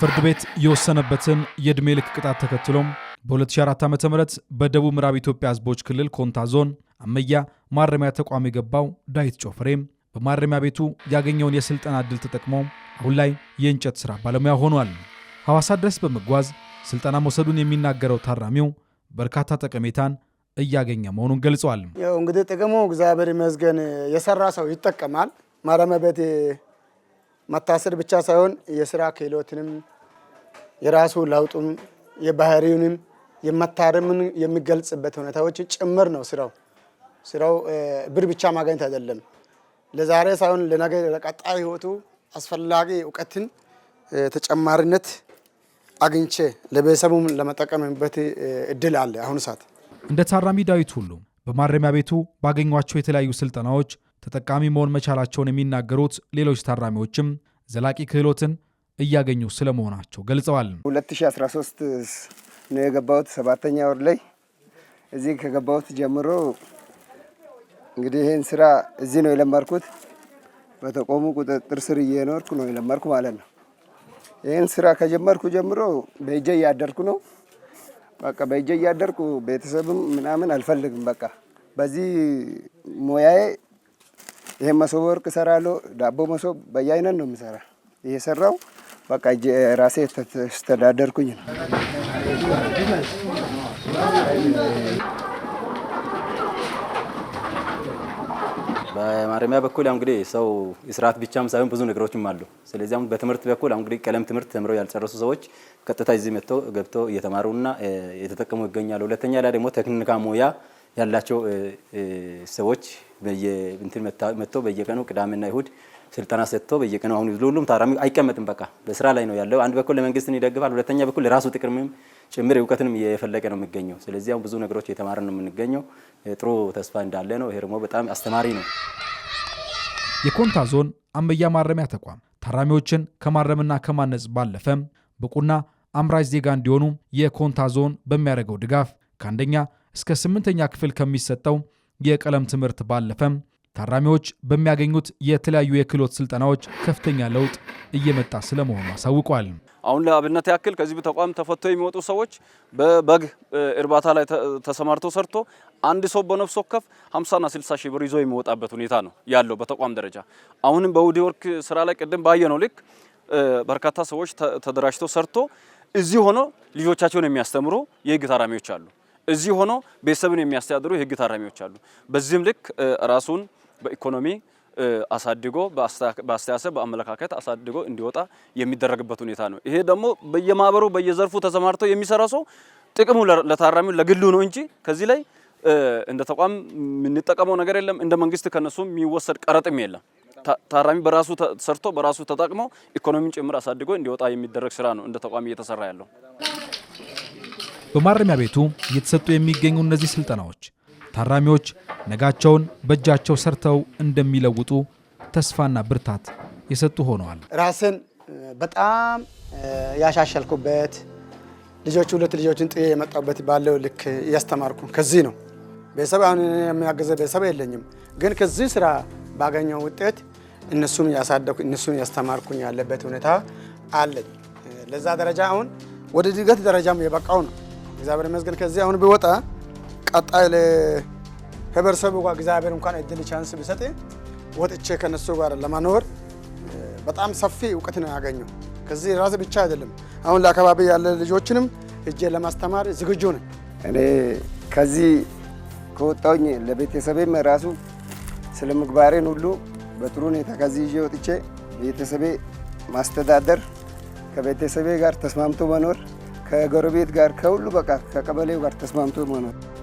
ፍርድ ቤት የወሰነበትን የዕድሜ ልክ ቅጣት ተከትሎም በ2004 ዓ ም በደቡብ ምዕራብ ኢትዮጵያ ህዝቦች ክልል ኮንታ ዞን አመያ ማረሚያ ተቋም የገባው ዳዊት ጮፍሬም በማረሚያ ቤቱ ያገኘውን የሥልጠና ዕድል ተጠቅሞ አሁን ላይ የእንጨት ሥራ ባለሙያ ሆኗል። ሐዋሳ ድረስ በመጓዝ ሥልጠና መውሰዱን የሚናገረው ታራሚው በርካታ ጠቀሜታን እያገኘ መሆኑን ገልጸዋል። እንግዲህ ጥቅሙ እግዚአብሔር ይመስገን የሰራ ሰው ይጠቀማል። ማረሚያ ቤት መታሰር ብቻ ሳይሆን የስራ ክህሎትንም የራሱ ለውጡም የባህሪውንም የመታረምን የሚገልጽበት ሁኔታዎች ጭምር ነው ስራው። ስራው ብር ብቻ ማግኘት አይደለም፣ ለዛሬ ሳይሆን ለነገ ለቀጣይ ህይወቱ አስፈላጊ እውቀትን ተጨማሪነት አግኝቼ ለቤተሰቡም ለመጠቀምበት እድል አለ። አሁኑ ሰዓት እንደ ታራሚ ዳዊት ሁሉ በማረሚያ ቤቱ ባገኟቸው የተለያዩ ስልጠናዎች ተጠቃሚ መሆን መቻላቸውን የሚናገሩት ሌሎች ታራሚዎችም ዘላቂ ክህሎትን እያገኙ ስለመሆናቸው ገልጸዋል። 2013 ነው የገባሁት። ሰባተኛ ወር ላይ እዚህ ከገባሁት ጀምሮ እንግዲህ ይህን ስራ እዚህ ነው የለመርኩት። በተቆሙ ቁጥጥር ስር እየኖርኩ ነው የለመርኩ ማለት ነው። ይህን ስራ ከጀመርኩ ጀምሮ በእጄ እያደርኩ ነው። በቃ በእጄ እያደርኩ ቤተሰብም ምናምን አልፈልግም። በቃ በዚህ ሙያዬ ይሄ መሶብ ወርቅ እሰራለሁ። ዳቦ መሶብ በየአይነት ነው የምሰራ። እየሰራው በቃ ራሴ ተስተዳደርኩኝ ነው። በማረሚያ በኩል አሁን እንግዲህ ሰው ስርዓት ብቻም ሳይሆን ብዙ ነገሮችም አሉ። ስለዚህ አሁን በትምህርት በኩል አሁን እንግዲህ ቀለም ትምህርት ተምረው ያልጨረሱ ሰዎች ቀጥታ እዚህ መጥተው ገብተው እየተማሩና የተጠቀሙ ይገኛሉ። ሁለተኛ ላይ ደግሞ ቴክኒካ ሙያ ያላቸው ሰዎች በየእንትን በየቀኑ ቅዳሜና ይሁድ ስልጠና ሰጥቶ በየቀኑ አሁን ሁሉም ታራሚ አይቀመጥም። በቃ በስራ ላይ ነው ያለው። አንድ በኩል ለመንግስትን ይደግፋል፣ ሁለተኛ በኩል ለራሱ ጥቅምም ጭምር እውቀትንም እየፈለቀ ነው የሚገኘው። ስለዚህ አሁን ብዙ ነገሮች እየተማርን ነው የምንገኘው። ጥሩ ተስፋ እንዳለ ነው። ይሄ ደግሞ በጣም አስተማሪ ነው። የኮንታ ዞን አንበያ ማረሚያ ተቋም ታራሚዎችን ከማረምና ከማነጽ ባለፈም ብቁና አምራች ዜጋ እንዲሆኑ የኮንታ ዞን በሚያደርገው ድጋፍ ከአንደኛ እስከ ስምንተኛ ክፍል ከሚሰጠው የቀለም ትምህርት ባለፈም ታራሚዎች በሚያገኙት የተለያዩ የክህሎት ስልጠናዎች ከፍተኛ ለውጥ እየመጣ ስለመሆኑ አሳውቋል። አሁን ለአብነት ያክል ከዚህ ተቋም ተፈቶ የሚወጡ ሰዎች በበግ እርባታ ላይ ተሰማርቶ ሰርቶ አንድ ሰው በነፍስ ወከፍ 50ና 60 ሺህ ብር ይዞ የሚወጣበት ሁኔታ ነው ያለው በተቋም ደረጃ። አሁንም በውዲ ወርክ ስራ ላይ ቅድም ባየነው ልክ በርካታ ሰዎች ተደራጅቶ ሰርቶ እዚህ ሆኖ ልጆቻቸውን የሚያስተምሩ የህግ ታራሚዎች አሉ። እዚህ ሆኖ ቤተሰብን የሚያስተዳድሩ የህግ ታራሚዎች አሉ። በዚህም ልክ ራሱን በኢኮኖሚ አሳድጎ በአስተሳሰብ በአመለካከት አሳድጎ እንዲወጣ የሚደረግበት ሁኔታ ነው። ይሄ ደግሞ በየማህበሩ በየዘርፉ ተሰማርቶ የሚሰራ ሰው ጥቅሙ ለታራሚው ለግሉ ነው እንጂ ከዚህ ላይ እንደ ተቋም የምንጠቀመው ነገር የለም። እንደ መንግስት ከነሱ የሚወሰድ ቀረጥም የለም። ታራሚ በራሱ ሰርቶ በራሱ ተጠቅሞ ኢኮኖሚን ጭምር አሳድጎ እንዲወጣ የሚደረግ ስራ ነው እንደ ተቋም እየተሰራ ያለው። በማረሚያ ቤቱ እየተሰጡ የሚገኙ እነዚህ ስልጠናዎች ታራሚዎች ነጋቸውን በእጃቸው ሰርተው እንደሚለውጡ ተስፋና ብርታት የሰጡ ሆነዋል። ራስን በጣም ያሻሸልኩበት ልጆች ሁለት ልጆችን ጥዬ የመጣሁበት ባለው ልክ እያስተማርኩ ከዚህ ነው። ቤተሰብ አሁን የሚያገዘ ቤተሰብ የለኝም፣ ግን ከዚህ ስራ ባገኘው ውጤት እነሱን ያሳደኩ እነሱን ያስተማርኩኝ ያለበት ሁኔታ አለኝ። ለዛ ደረጃ አሁን ወደ ድገት ደረጃም የበቃው ነው። እግዚአብሔር ይመስገን። ከዚህ አሁን ቢወጣ ቀጣይ ለህብረተሰቡ ጋር እግዚአብሔር እንኳን እድል ቻንስ ቢሰጥ ወጥቼ ከነሱ ጋር ለመኖር በጣም ሰፊ እውቀት ነው ያገኘው። ከዚህ ራስ ብቻ አይደለም፣ አሁን ለአካባቢ ያለ ልጆችንም እጄ ለማስተማር ዝግጁ ነኝ። እኔ ከዚህ ከወጣውኝ ለቤተሰቤም ራሱ ስለ ምግባሬን ሁሉ በጥሩ ሁኔታ ከዚህ ይዤ ወጥቼ ቤተሰቤ ማስተዳደር ከቤተሰቤ ጋር ተስማምቶ መኖር ከጎረቤት ጋር ከሁሉ በቃ ከቀበሌው ጋር ተስማምቶ መኖር